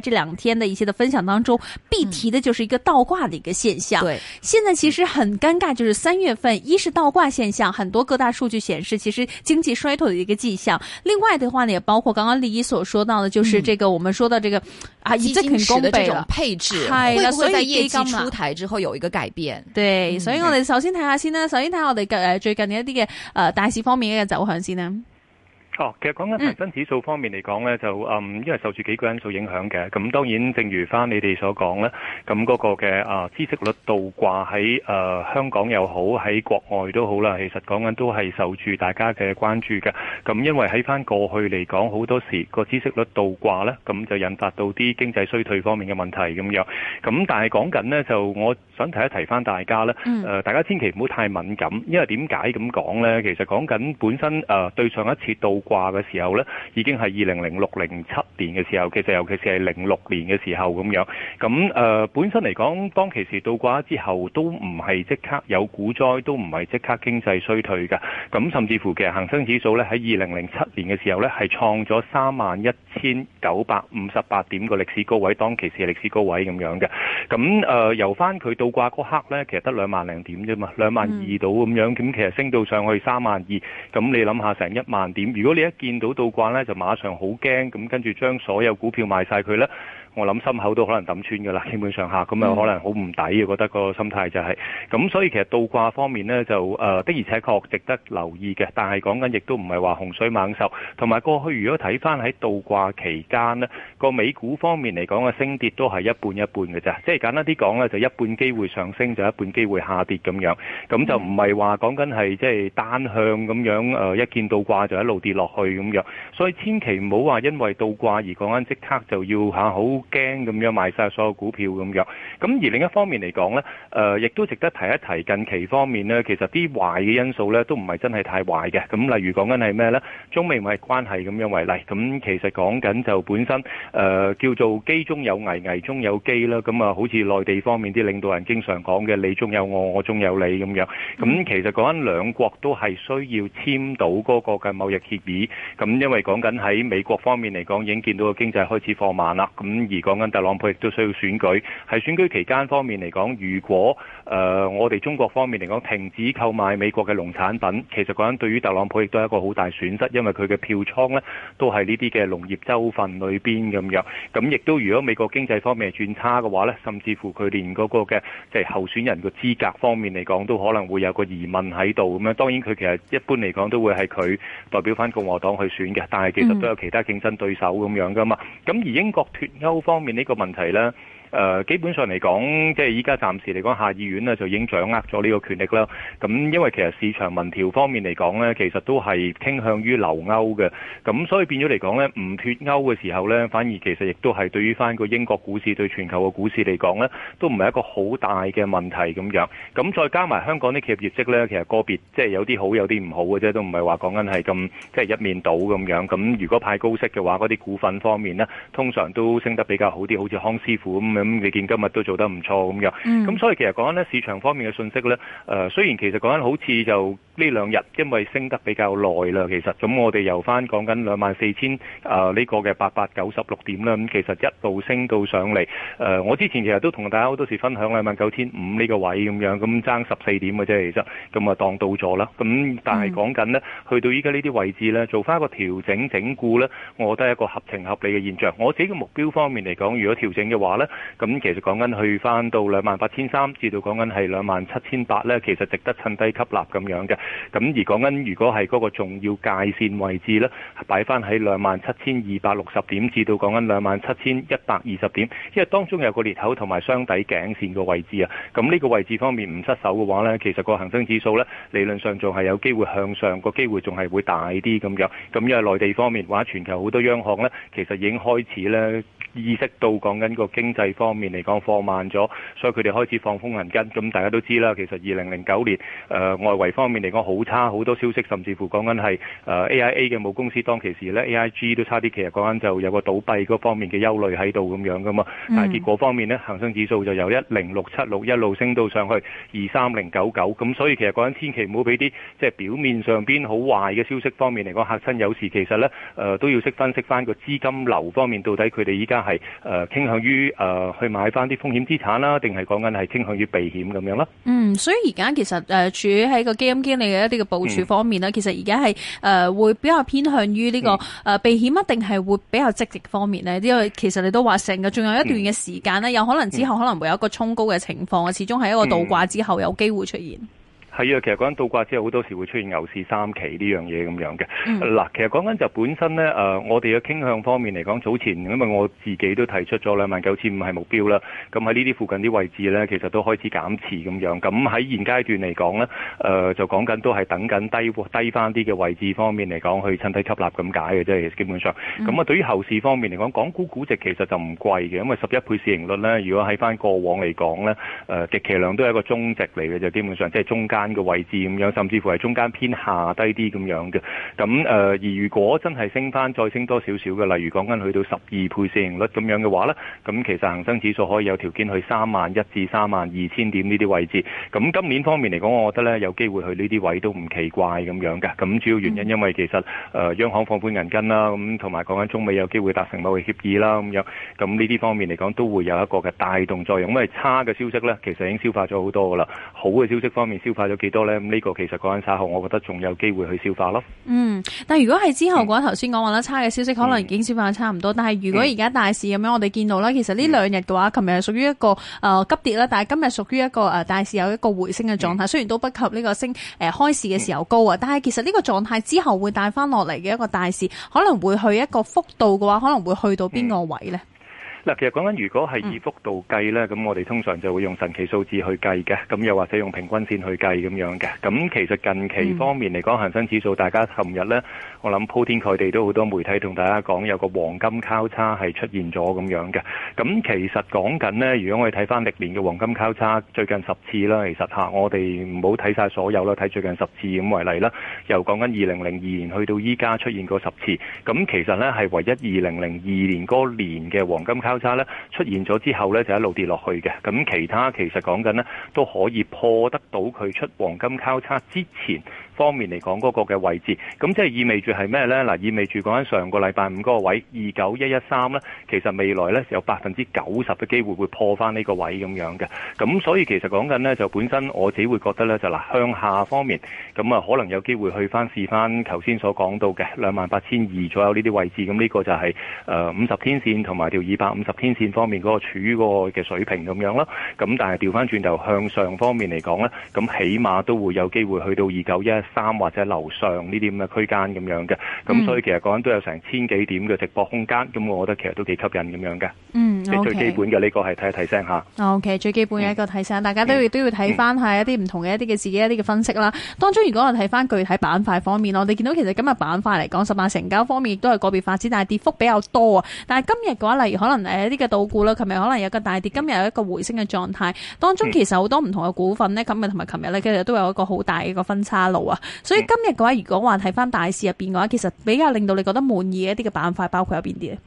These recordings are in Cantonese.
這兩天的一些的分享當中，必提的就是一個倒掛的一個現象。對、嗯，現在其實很尷尬，就是三月份，一是倒掛現象，很多各大數據顯示其實經濟衰退的一個跡象；另外的話呢，也包括剛剛李一所說到的，就是這個我們說到這個、嗯、啊，基金池的這種配置、哎，會不會在業績出台之後有一個改變？對、哎，所以、嗯、所以我哋首先睇下先啦，首先睇下、啊、我哋嘅誒最近一啲嘅誒大市方面嘅走向先呢。哦，其實講緊恆生指數方面嚟講咧，就誒，因為受住幾個因素影響嘅。咁當然，正如翻你哋所講咧，咁嗰個嘅啊，孳息率倒掛喺誒香港又好，喺國外都好啦。其實講緊都係受住大家嘅關注嘅。咁因為喺翻過去嚟講，好多時個孳息率倒掛咧，咁就引發到啲經濟衰退方面嘅問題咁樣。咁但係講緊咧，就我想提一提翻大家咧，誒，大家千祈唔好太敏感，因為點解咁講咧？其實講緊本身誒對上一次倒掛嘅時候呢，已經係二零零六零七年嘅時候，其實尤其是係零六年嘅時候咁樣。咁誒本身嚟講，當其時倒掛之後，都唔係即刻有股災，都唔係即刻經濟衰退㗎。咁甚至乎其實恆生指數呢，喺二零零七年嘅時候呢，係創咗三萬一千九百五十八點個歷史高位，當其時嘅歷史高位咁樣嘅。咁誒由返佢倒掛嗰刻呢，其實得兩萬零點啫嘛，兩萬二度咁樣。咁其實升到上去三萬二，咁你諗下成一萬點，如果你一見到倒掛咧，就馬上好驚，咁跟住將所有股票賣晒佢啦。我諗心口都可能抌穿㗎啦，基本上嚇咁樣，可能好唔抵嘅，我覺得個心態就係咁，所以其實倒掛方面咧，就誒的而且確值得留意嘅。但係講緊亦都唔係話洪水猛獸，同埋過去如果睇翻喺倒掛期間咧，個美股方面嚟講嘅升跌都係一半一半嘅咋，即係簡單啲講咧，就一半機會上升，就一半機會下跌咁樣，咁就唔係話講緊係即係單向咁樣誒，一見倒掛就一路跌落去咁樣。所以千祈唔好話因為倒掛而講緊即刻就要嚇好。驚咁樣賣曬所有股票咁樣，咁而另一方面嚟講咧，誒亦都值得提一提近期方面咧，其實啲壞嘅因素咧都唔係真係太壞嘅。咁例如講緊係咩咧？中美貿易關係咁樣為例，咁其實講緊就本身誒叫做機中有危，危中有機啦。咁啊，好似內地方面啲領導人經常講嘅，你中有我，我中有你咁樣。咁其實講緊兩國都係需要簽到嗰個嘅貿易協議。咁因為講緊喺美國方面嚟講已經見到個經濟開始放慢啦。咁而講緊特朗普亦都需要選舉，喺選舉期間方面嚟講，如果誒、呃、我哋中國方面嚟講停止購買美國嘅農產品，其實講緊對於特朗普亦都係一個好大損失，因為佢嘅票倉呢都係呢啲嘅農業州份裏邊咁樣。咁亦都如果美國經濟方面係轉差嘅話呢，甚至乎佢連嗰個嘅即係候選人嘅資格方面嚟講，都可能會有個疑問喺度。咁樣當然佢其實一般嚟講都會係佢代表翻共和黨去選嘅，但係其實都有其他競爭對手咁樣噶嘛。咁而英國脱歐方面呢個問題呢誒基本上嚟講，即係依家暫時嚟講，下議院呢就已經掌握咗呢個權力啦。咁因為其實市場民調方面嚟講呢，其實都係傾向於留歐嘅。咁所以變咗嚟講呢，唔脫歐嘅時候呢，反而其實亦都係對於翻個英國股市對全球嘅股市嚟講呢，都唔係一個好大嘅問題咁樣。咁再加埋香港啲企業業績呢，其實個別即係、就是、有啲好有啲唔好嘅啫，都唔係話講緊係咁即係一面倒咁樣。咁如果派高息嘅話，嗰啲股份方面呢，通常都升得比較好啲，好似康師傅咁。咁你見今日都做得唔錯咁樣，咁、嗯、所以其實講緊市場方面嘅信息呢。誒雖然其實講緊好似就呢兩日，因為升得比較耐啦，其實咁我哋由翻講緊兩萬四千啊呢個嘅八百九十六點啦，咁其實一度升到上嚟，誒我之前其實都同大家好多時分享兩萬九千五呢個位咁樣，咁爭十四點嘅啫，其實咁啊當到咗啦，咁但係講緊呢，去到依家呢啲位置呢，做翻一個調整整固呢，我覺得係一個合情合理嘅現象。我自己嘅目標方面嚟講，如果調整嘅話呢。咁其實講緊去翻到兩萬八千三，至到講緊係兩萬七千八咧，其實值得趁低吸納咁樣嘅。咁而講緊如果係嗰個重要界線位置咧，擺翻喺兩萬七千二百六十點，至到講緊兩萬七千一百二十點，因為當中有個裂口同埋雙底頸線個位置啊。咁呢個位置方面唔失手嘅話呢，其實個恒生指數呢，理論上仲係有機會向上，個機會仲係會大啲咁樣。咁因為內地方面，或者全球好多央行呢，其實已經開始呢意識到講緊個經濟方面嚟講放慢咗，所以佢哋開始放風銀根。咁大家都知啦，其實二零零九年誒、呃、外圍方面嚟講好差，好多消息，甚至乎講緊係誒 AIA 嘅母公司當其時咧，AIG 都差啲，其實講緊就有個倒閉嗰方面嘅憂慮喺度咁樣噶嘛。但係結果方面呢，恒生指數就由一零六七六一路升到上去二三零九九。咁所以其實講緊千祈唔好俾啲即係表面上邊好壞嘅消息方面嚟講嚇親。有時其實咧誒、呃、都要識分析翻個資金流方面，到底佢哋依家係誒傾向於誒。呃去買翻啲風險資產啦，定係講緊係傾向於避險咁樣咧？嗯，所以而家其實誒、呃、處喺個基金經理嘅一啲嘅部署方面咧、嗯，其實而家係誒會比較偏向於呢、呢個誒、嗯呃、避險一定係會比較積極方面呢，因為其實你都話成日，仲有一段嘅時間咧、嗯，有可能之後、嗯、可能會有一個衝高嘅情況，始終係一個倒掛之後有機會出現。嗯嗯係啊，其實講緊倒掛之後，好多時會出現牛市三期呢樣嘢咁樣嘅。嗱、嗯，其實講緊就本身咧，誒，我哋嘅傾向方面嚟講，早前因為我自己都提出咗兩萬九千五係目標啦。咁喺呢啲附近啲位置咧，其實都開始減持咁樣。咁喺現階段嚟講咧，誒，就講緊都係等緊低低翻啲嘅位置方面嚟講，去趁低吸納咁解嘅啫。係基本上，咁啊，對於後市方面嚟講，港股估值其實就唔貴嘅，因為十一倍市盈率咧，如果喺翻過往嚟講咧，誒，極其量都係一個中值嚟嘅，就基本上即係、就是、中間。嘅位置咁樣，甚至乎係中間偏下低啲咁樣嘅。咁誒、呃，而如果真係升翻，再升多少少嘅，例如講緊去到十二倍市盈率咁樣嘅話呢，咁其實恒生指數可以有條件去三萬一至三萬二千點呢啲位置。咁今年方面嚟講，我覺得呢有機會去呢啲位都唔奇怪咁樣嘅。咁主要原因因為其實誒、呃、央行放寬銀根啦，咁同埋講緊中美有機會達成某嘅協議啦咁樣，咁呢啲方面嚟講都會有一個嘅帶動作用。因為差嘅消息呢，其實已經消化咗好多噶啦，好嘅消息方面消化咗。幾多咧？呢、呢個其實講緊差號，我覺得仲有機會去消化咯。嗯，但係如果係之後嘅話，頭先講話差嘅消息可能已經消化差唔多。嗯、但係如果而家大市咁樣，我哋見到啦，其實呢兩日嘅話，琴日係屬於一個誒、呃、急跌啦，但係今日屬於一個誒、呃、大市有一個回升嘅狀態。雖然都不及呢個升誒、呃、開市嘅時候高啊、嗯，但係其實呢個狀態之後會帶翻落嚟嘅一個大市，可能會去一個幅度嘅話，可能會去到邊個位呢？嗯嗯嗱，其實講緊如果係以幅度計咧，咁、嗯、我哋通常就會用神奇數字去計嘅，咁又或者用平均線去計咁樣嘅。咁其實近期方面嚟講，恒、嗯、生指數，大家琴日咧，我諗鋪天蓋地都好多媒體同大家講有個黃金交叉係出現咗咁樣嘅。咁其實講緊咧，如果我哋睇翻歷年嘅黃金交叉，最近十次啦，其實吓，我哋唔好睇曬所有啦，睇最近十次咁為例啦。又講緊二零零二年去到依家出現過十次，咁其實咧係唯一二零零二年嗰年嘅黃金。交叉咧出現咗之後咧，就一路跌落去嘅。咁其他其實講緊咧，都可以破得到佢出黃金交叉之前。方面嚟講嗰個嘅位置，咁即係意味住係咩呢？嗱，意味住講緊上個禮拜五嗰個位二九一一三呢，其實未來呢，有百分之九十嘅機會會破翻呢個位咁樣嘅。咁所以其實講緊呢，就本身我自己會覺得呢，就嗱向下方面，咁啊可能有機會去翻試翻頭先所講到嘅兩萬八千二左右呢啲位置。咁呢個就係誒五十天線同埋條二百五十天線方面嗰個處於個嘅水平咁樣咯。咁但係調翻轉頭向上方面嚟講呢，咁起碼都會有機會去到二九一三或者樓上呢啲咁嘅區間咁樣嘅，咁、嗯、所以其實講都有成千幾點嘅直播空間，咁我覺得其實都幾吸引咁樣嘅。嗯 okay，最基本嘅呢個係睇一睇聲吓。O、okay, K，最基本嘅一個提醒、嗯，大家都都要睇翻係一啲唔同嘅一啲嘅自己一啲嘅分析啦、嗯嗯。當中如果我睇翻具體板塊方面，我哋見到其實今日板塊嚟講，十八成交方面亦都係個別發展，但係跌幅比較多啊。但係今日嘅話，例如可能誒一啲嘅道股啦，琴日可能有個大跌，嗯、今日有一個回升嘅狀態。當中其實好多唔同嘅股份呢，今日同埋琴日呢，其實都有一個好大嘅一個分岔路啊。所以今日嘅話，如果話睇翻大市入邊嘅話，其實比較令到你覺得滿意一啲嘅板塊，包括有邊啲咧？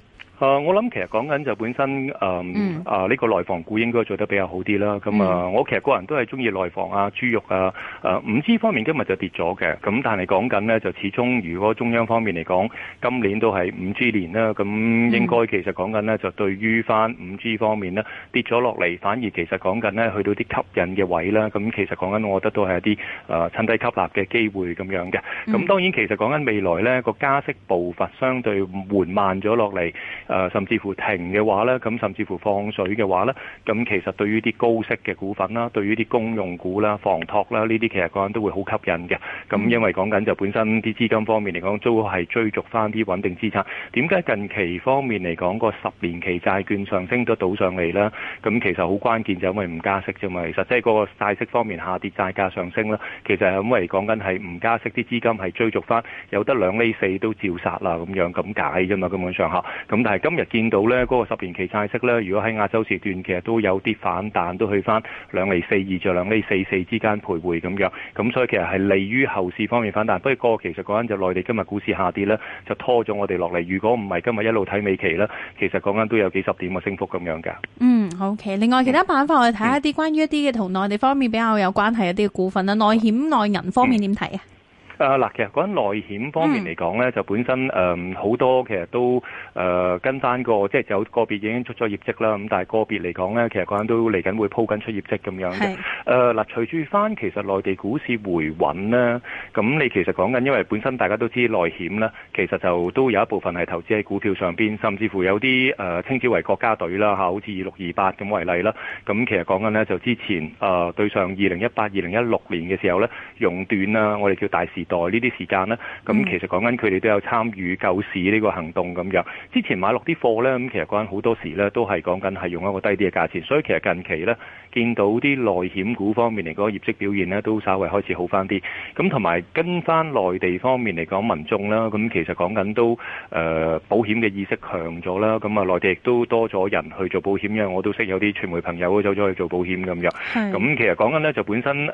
誒、呃，我諗其實講緊就本身誒誒呢個內房股應該做得比較好啲啦。咁、嗯嗯、啊，我其實個人都係中意內房啊、豬肉啊、誒五 G 方面今日就跌咗嘅。咁但係講緊呢，就始終如果中央方面嚟講，今年都係五 G 年啦，咁、嗯嗯、應該其實講緊呢，就對於翻五 G 方面呢，跌咗落嚟，反而其實講緊呢，去到啲吸引嘅位啦。咁其實講緊我覺得都係一啲誒、呃、趁低吸納嘅機會咁樣嘅。咁、嗯嗯、當然其實講緊未來呢個加息步伐相對緩慢咗落嚟。誒甚至乎停嘅話呢，咁甚至乎放水嘅話呢，咁其實對於啲高息嘅股份啦，對於啲公用股啦、房託啦呢啲，其實講緊都會好吸引嘅。咁因為講緊就本身啲資金方面嚟講，都係追逐翻啲穩定資產。點解近期方面嚟講個十年期債券上升都倒上嚟呢？咁其實好關鍵就因為唔加息啫嘛。其實即係嗰個債息方面下跌，債價上升啦，其實係因為講緊係唔加息，啲資金係追逐翻有得兩厘四都照殺啦咁樣咁解啫嘛。根本上吓，咁但係今日見到咧，嗰、那個十年期債息咧，如果喺亞洲時段，其實都有啲反彈，都去翻兩厘四二至兩厘四四之間徘徊咁樣。咁所以其實係利於後市方面反彈。不過個其實講緊就內地今日股市下跌咧，就拖咗我哋落嚟。如果唔係今日一路睇美期咧，其實講緊都有幾十點嘅升幅咁樣㗎。嗯，好嘅。另外其他板塊我哋睇下啲、嗯、關於一啲嘅同內地方面比較有關係一啲嘅股份，內險內銀方面點睇啊？嗯啊、呃、嗱，其實講緊內險方面嚟講咧，嗯、就本身誒好、呃、多其實都誒、呃、跟返個，即、就、係、是、有個別已經出咗業績啦。咁但係個別嚟講咧，其實嗰陣都嚟緊會鋪緊出業績咁樣嘅。誒嗱、呃，隨住翻其實內地股市回穩咧，咁你其實講緊，因為本身大家都知道內險咧，其實就都有一部分係投資喺股票上邊，甚至乎有啲誒、呃、稱之為國家隊啦嚇，好似二六二八咁為例啦。咁其實講緊咧，就之前誒對上二零一八、二零一六年嘅時候咧，熔斷啦，我哋叫大市。待呢啲時間咧，咁其實講緊佢哋都有參與救市呢個行動咁樣。咁樣之前買落啲貨咧，咁其實講緊好多時咧，都係講緊係用一個低啲嘅價錢。所以其實近期咧，見到啲內險股方面嚟講業績表現咧，都稍微開始好翻啲。咁同埋跟翻內地方面嚟講，民眾啦，咁其實講緊都誒、呃、保險嘅意識強咗啦。咁啊內地亦都多咗人去做保險，因為我都識有啲傳媒朋友走咗去做保險。咁樣咁其實講緊咧就本身誒，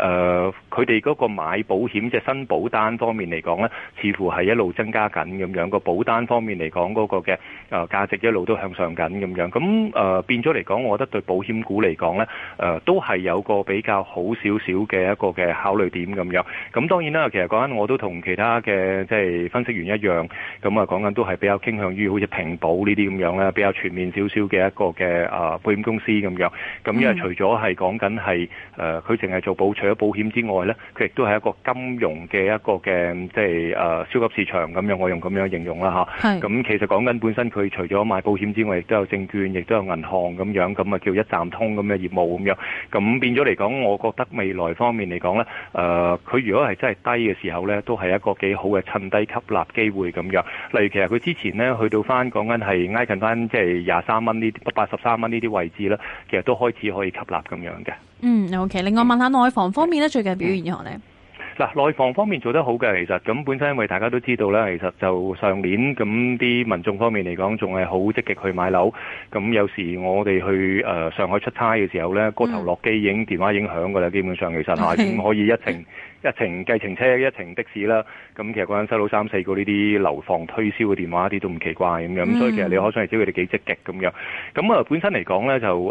佢哋嗰個買保險即係新保單單方面嚟講呢，似乎係一路增加緊咁樣；個保單方面嚟講，嗰個嘅誒價值一路都向上緊咁樣。咁誒變咗嚟講，我覺得對保險股嚟講呢，誒都係有個比較好少少嘅一個嘅考慮點咁樣。咁當然啦，其實講緊我都同其他嘅即係分析員一樣，咁啊講緊都係比較傾向於好似平保呢啲咁樣啦，比較全面少少嘅一個嘅誒保險公司咁樣。咁因為除咗係講緊係誒佢淨係做保除咗保險之外呢，佢亦都係一個金融嘅一個嘅即係誒、啊、超級市場咁樣，我用咁樣形容啦嚇。咁、啊、其實講緊本身佢除咗買保險之外，亦都有證券，亦都有銀行咁樣，咁啊叫一站通咁嘅業務咁樣。咁變咗嚟講，我覺得未來方面嚟講呢，誒、啊、佢如果係真係低嘅時候呢，都係一個幾好嘅趁低吸納機會咁樣。例如其實佢之前呢，去到翻講緊係挨近翻即係廿三蚊呢，八十三蚊呢啲位置啦，其實都開始可以吸納咁樣嘅。嗯，OK。另外問一下內房方面呢，最近表現如何呢？嗱，內房方面做得好嘅，其實咁本身，因為大家都知道呢，其實就上年咁啲民眾方面嚟講，仲係好積極去買樓。咁有時我哋去誒、呃、上海出差嘅時候呢，嗰頭落機影電話影響㗎啦，基本上其實下已可以一程。一程計程車，一程的士啦。咁其實講緊收到三四個呢啲樓房推銷嘅電話，一啲都唔奇怪咁樣。咁所以其實你可想嚟知佢哋幾積極咁樣。咁啊，本身嚟講咧，就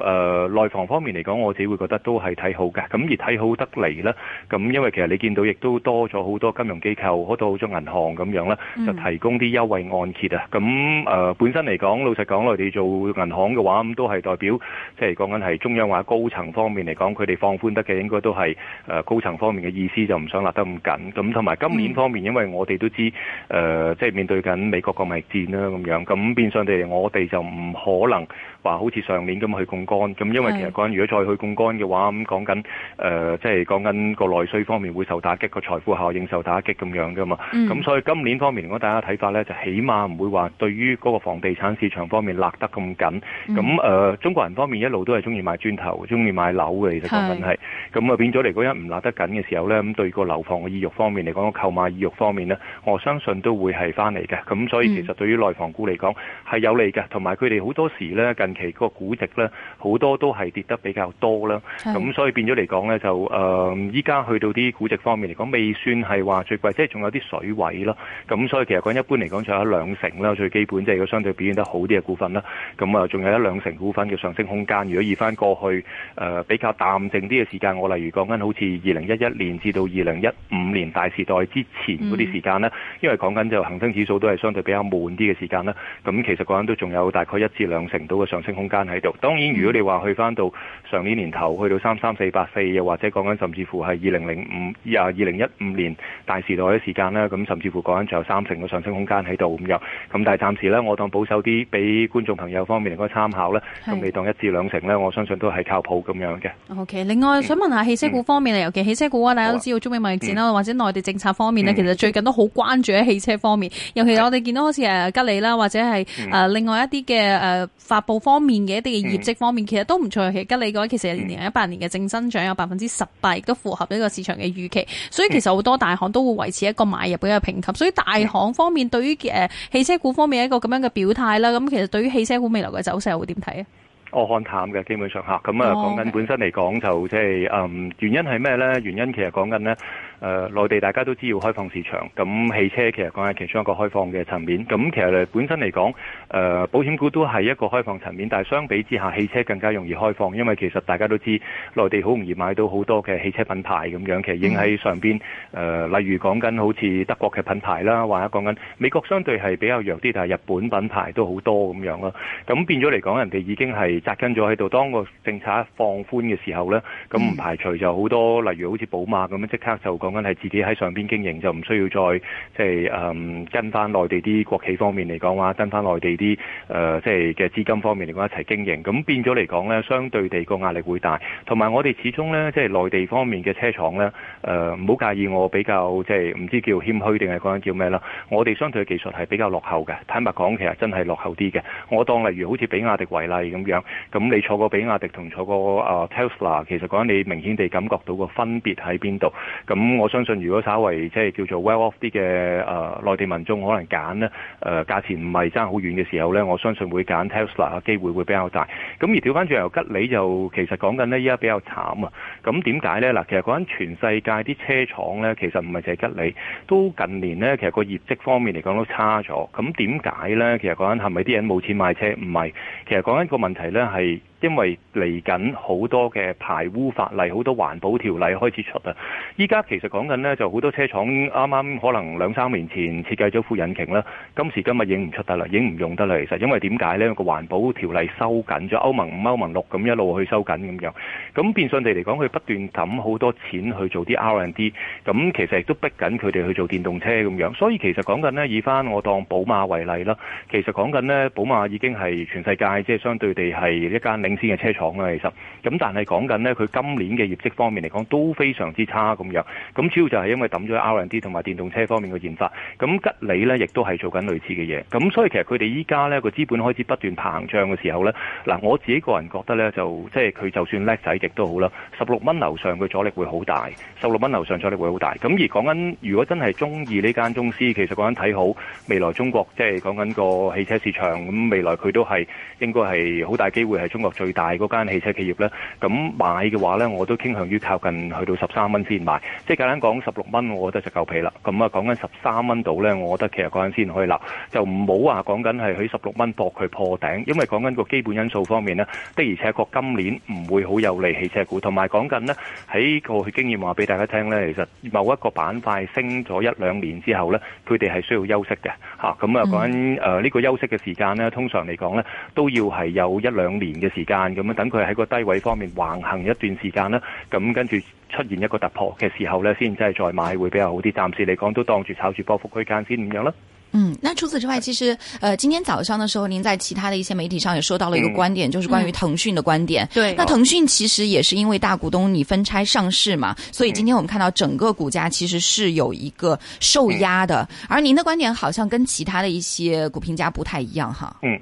誒內房方面嚟講，我自己會覺得都係睇好嘅。咁而睇好得嚟咧，咁因為其實你見到亦都多咗好多金融機構，好多好多銀行咁樣咧，就提供啲優惠按揭啊。咁誒本身嚟講，老實講，內地做銀行嘅話，咁都係代表即係講緊係中央或者高層方面嚟講，佢哋放寬得嘅，應該都係誒高層方面嘅意思就。唔想勒得咁緊，咁同埋今年方面，因為我哋都知，誒，即係面對緊美國貿易戰啦，咁樣，咁變相地，我哋就唔可能話好似上年咁去槓桿，咁因為其實講緊，如果再去槓桿嘅話，咁講緊，誒，即係講緊個內需方面會受打擊，個財富效應受打擊咁樣㗎嘛。咁所以今年方面，如果大家睇法咧，就起碼唔會話對於嗰個房地產市場方面勒得咁緊，咁誒，中國人方面一路都係中意買磚頭，中意買樓嘅，其實講緊係，咁啊變咗嚟，嗰一唔勒得緊嘅時候咧，咁對。個樓房嘅意欲方面嚟講，個購買意欲方面咧，我相信都會係翻嚟嘅。咁所以其實對於內房股嚟講係有利嘅，同埋佢哋好多時咧，近期嗰個估值咧好多都係跌得比較多啦。咁所以變咗嚟講咧就誒，依家去到啲估值方面嚟講未算係話最貴，即係仲有啲水位咯。咁所以其實講一般嚟講，仲有一兩成啦，最基本即係個相對表現得好啲嘅股份啦。咁啊，仲有一兩成股份嘅上升空間。如果移翻過去誒比較淡靜啲嘅時間，我例如講緊好似二零一一年至到二二零一五年大時代之前嗰啲時間呢、嗯，因為講緊就恒生指數都係相對比較悶啲嘅時間啦。咁其實講緊都仲有大概一至兩成到嘅上升空間喺度。當然，如果你話去翻到上年年頭去到三三四八四，又或者講緊甚至乎係二零零五啊、二零一五年大時代嘅時間咧，咁甚至乎講緊仲有三成嘅上升空間喺度咁樣。咁但係暫時呢，我當保守啲，俾觀眾朋友方面嚟個參考啦。咁你當一至兩成呢，我相信都係靠譜咁樣嘅。OK，另外想問下汽車股方面啊、嗯，尤其汽車股啊，大家都知道。中美貿易戰啦，或者內地政策方面呢、嗯，其實最近都好關注喺汽車方面，尤其我哋見到好似誒、啊、吉利啦，或者係誒、啊、另外一啲嘅誒發佈方面嘅一啲嘅業績方面，其實都唔錯。其實吉利嘅話，其實二零一八年嘅正增長有百分之十八，亦都符合呢個市場嘅預期。所以其實好多大行都會維持一個買入嘅一個評級。所以大行方面對於誒、啊、汽車股方面一個咁樣嘅表態啦，咁其實對於汽車股未來嘅走勢又會點睇啊？我看淡嘅，基本上吓，咁啊講緊本身嚟講就即、是、係，嗯、oh.，原因係咩咧？原因其實講緊咧。誒、呃，內地大家都知要開放市場，咁汽車其實講係其中一個開放嘅層面。咁其實本身嚟講，誒、呃、保險股都係一個開放層面，但係相比之下，汽車更加容易開放，因為其實大家都知內地好容易買到好多嘅汽車品牌咁樣，其實已經喺上邊誒、呃。例如講緊好似德國嘅品牌啦，或者講緊美國相對係比較弱啲，但係日本品牌都好多咁樣咯。咁變咗嚟講，人哋已經係扎根咗喺度。當個政策一放寬嘅時候呢，咁唔排除就好多例如好似寶馬咁樣即刻就講緊係自己喺上邊經營，就唔需要再即係誒跟翻內地啲國企方面嚟講話，跟翻內地啲誒即係嘅資金方面嚟講一齊經營。咁變咗嚟講呢，相對地個壓力會大。同埋我哋始終呢，即係內地方面嘅車廠呢，誒唔好介意我比較即係唔知叫謙虛定係講緊叫咩啦。我哋相對技術係比較落後嘅。坦白講，其實真係落後啲嘅。我當例如好似比亞迪為例咁樣，咁你坐過比亞迪同坐過誒 Tesla，其實講緊你明顯地感覺到個分別喺邊度？咁我相信如果稍為即係叫做 well off 啲嘅誒內地民眾可能揀呢誒價錢唔係爭好遠嘅時候呢，我相信會揀 Tesla 嘅機會會比較大。咁而調翻轉由吉利就其實講緊呢，依家比較慘啊！咁點解呢？嗱，其實講緊全世界啲車廠呢，其實唔係淨係吉利，都近年呢，其實個業績方面嚟講都差咗。咁點解呢？其實講緊係咪啲人冇錢買車？唔係，其實講緊個問題呢係。因為嚟緊好多嘅排污法例、好多環保條例開始出啊！依家其實講緊呢，就好多車廠啱啱可能兩三年前設計咗副引擎啦，今時今日已經唔出得啦，已經唔用得啦。其實因為點解呢？個環保條例收緊咗歐盟五、歐盟六咁一路去收緊咁樣，咁變相地嚟講，佢不斷揼好多錢去做啲 R and D，咁其實亦都逼緊佢哋去做電動車咁樣。所以其實講緊呢，以翻我當寶馬為例啦，其實講緊呢，寶馬已經係全世界即係相對地係一間。領先嘅車廠啦，其實咁，但係講緊呢，佢今年嘅業績方面嚟講都非常之差咁樣。咁主要就係因為抌咗 R&D 同埋電動車方面嘅研發。咁吉利呢，亦都係做緊類似嘅嘢。咁所以其實佢哋依家呢個資本開始不斷膨脹嘅時候呢，嗱我自己個人覺得呢，就即係佢就算叻仔極都好啦，十六蚊樓上嘅阻力會好大，十六蚊樓上阻力會好大。咁而講緊，如果真係中意呢間公司，其實講緊睇好未來中國即係講緊個汽車市場咁，未來佢都係應該係好大機會喺中國。最大嗰間汽車企業呢，咁買嘅話呢，我都傾向於靠近去到十三蚊先買，即係簡單講十六蚊，我覺得就夠皮啦。咁啊，講緊十三蚊度呢，我覺得其實嗰陣先可以留，就唔好話講緊係喺十六蚊搏佢破頂，因為講緊個基本因素方面呢，的而且確今年唔會好有利汽車股，同埋講緊呢，喺個經驗話俾大家聽呢，其實某一個板塊升咗一兩年之後呢，佢哋係需要休息嘅嚇。咁啊講緊誒呢個休息嘅時間呢，通常嚟講呢，都要係有一兩年嘅時間。間咁樣等佢喺個低位方面橫行一段時間啦，咁跟住出現一個突破嘅時候呢，先真係再買會比較好啲。暫時嚟講都當住炒住波幅區間先，咁樣啦。嗯，那除此之外，其實，誒、呃，今天早上的時候，您在其他的一些媒體上也說到了一個觀點、嗯，就是關於騰訊的觀點。對，那騰訊其實也是因為大股東你分拆上市嘛，所以今天我們看到整個股價其實是有一個受壓的，而您的觀點好像跟其他的一些股評家不太一樣，哈。嗯。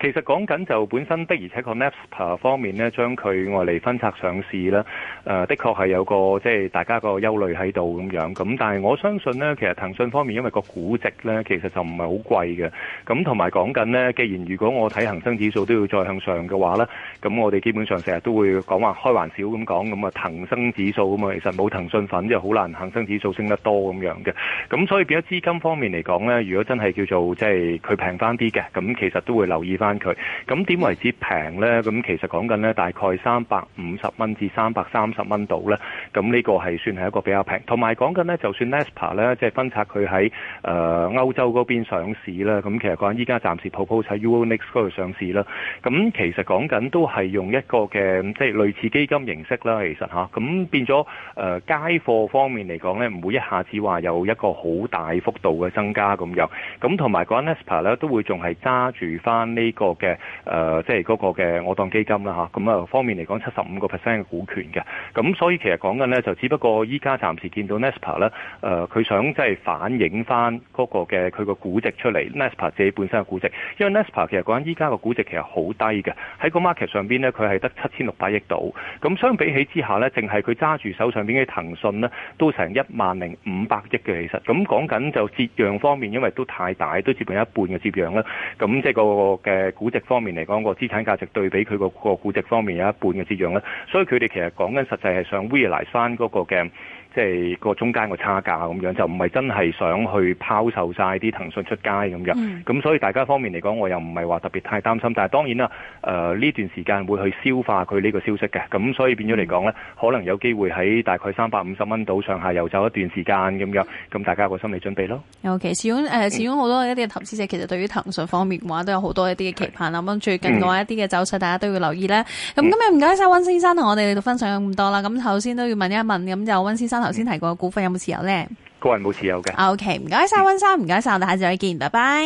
其實講緊就本身的，而且個 Naspers 方面呢，將佢外嚟分拆上市呢，誒、呃，的確係有個即係、就是、大家個憂慮喺度咁樣。咁但係我相信呢，其實騰訊方面因為個估值呢，其實就唔係好貴嘅。咁同埋講緊呢，既然如果我睇恒生指數都要再向上嘅話呢，咁我哋基本上成日都會講話開玩笑咁講，咁啊騰生指數咁嘛，其實冇騰訊粉就好難恒生指數升得多咁樣嘅。咁所以變咗資金方面嚟講呢，如果真係叫做即係佢平翻啲嘅，咁、就是、其實都會留意翻。佢咁點為之平呢？咁其實講緊呢，大概三百五十蚊至三百三十蚊度呢。咁呢個係算係一個比較平。同埋講緊呢，就算 Naspa 呢，即係分拆佢喺、呃、歐洲嗰邊上市啦。咁其實講緊依家暫時鋪鋪喺 Euronext 嗰度上市啦。咁其實講緊都係用一個嘅即係類似基金形式啦。其實吓，咁、啊、變咗、呃、街貨方面嚟講呢，唔會一下子話有一個好大幅度嘅增加咁樣。咁同埋講 Naspa 呢，都會仲係揸住翻呢個。個嘅誒、呃，即係嗰個嘅我當基金啦嚇，咁啊樣方面嚟講七十五個 percent 嘅股權嘅，咁所以其實講緊咧就只不過依家暫時見到 Naspa 咧、呃，誒佢想即係反映翻嗰個嘅佢個估值出嚟，Naspa 自己本身嘅估值，因為 Naspa 其實講緊依家個估值其實好低嘅，喺個 market 上邊咧佢係得七千六百億度，咁相比起之下咧，淨係佢揸住手上邊嘅騰訊咧都成一萬零五百億嘅其實，咁講緊就折讓方面，因為都太大，都接近一半嘅折讓啦，咁即係個嘅。估值方面嚟講，個資產價值對比佢個估值方面有一半嘅資量咧，所以佢哋其實講緊實際係想回嚟翻嗰個嘅。即係個中間個差價咁樣，就唔係真係想去拋售曬啲騰訊出街咁樣。咁所以大家方面嚟講，我又唔係話特別太擔心。但係當然啦，誒呢段時間會去消化佢呢個消息嘅。咁所以變咗嚟講咧，可能有機會喺大概三百五十蚊到上下遊走一段時間咁樣。咁大家有個心理準備咯。OK，始終誒始終好多一啲投資者其實對於騰訊方面嘅話都有好多一啲嘅期盼啊。咁最近嘅話一啲嘅走勢，大家都要留意咧。咁今日唔該曬溫先生同我哋嚟到分享咁多啦。咁頭先都要問一問，咁就溫先生。頭先提過股份有冇持有呢？個人冇持有嘅。O K，唔該晒温生，唔該晒，我哋下次再見，拜拜。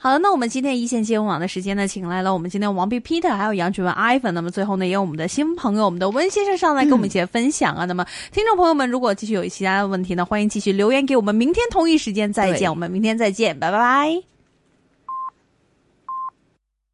好，那我們今天一線消防的時間呢，請來了我們今天王碧 Peter，還有楊主任 Ivan，那麼最後呢，也有我們的新朋友我們的温先生上來跟我們一起來分享啊、嗯。那麼聽眾朋友們，如果繼續有其他問題呢，歡迎繼續留言給我們。明天同一時間再見，我們明天再見，拜拜。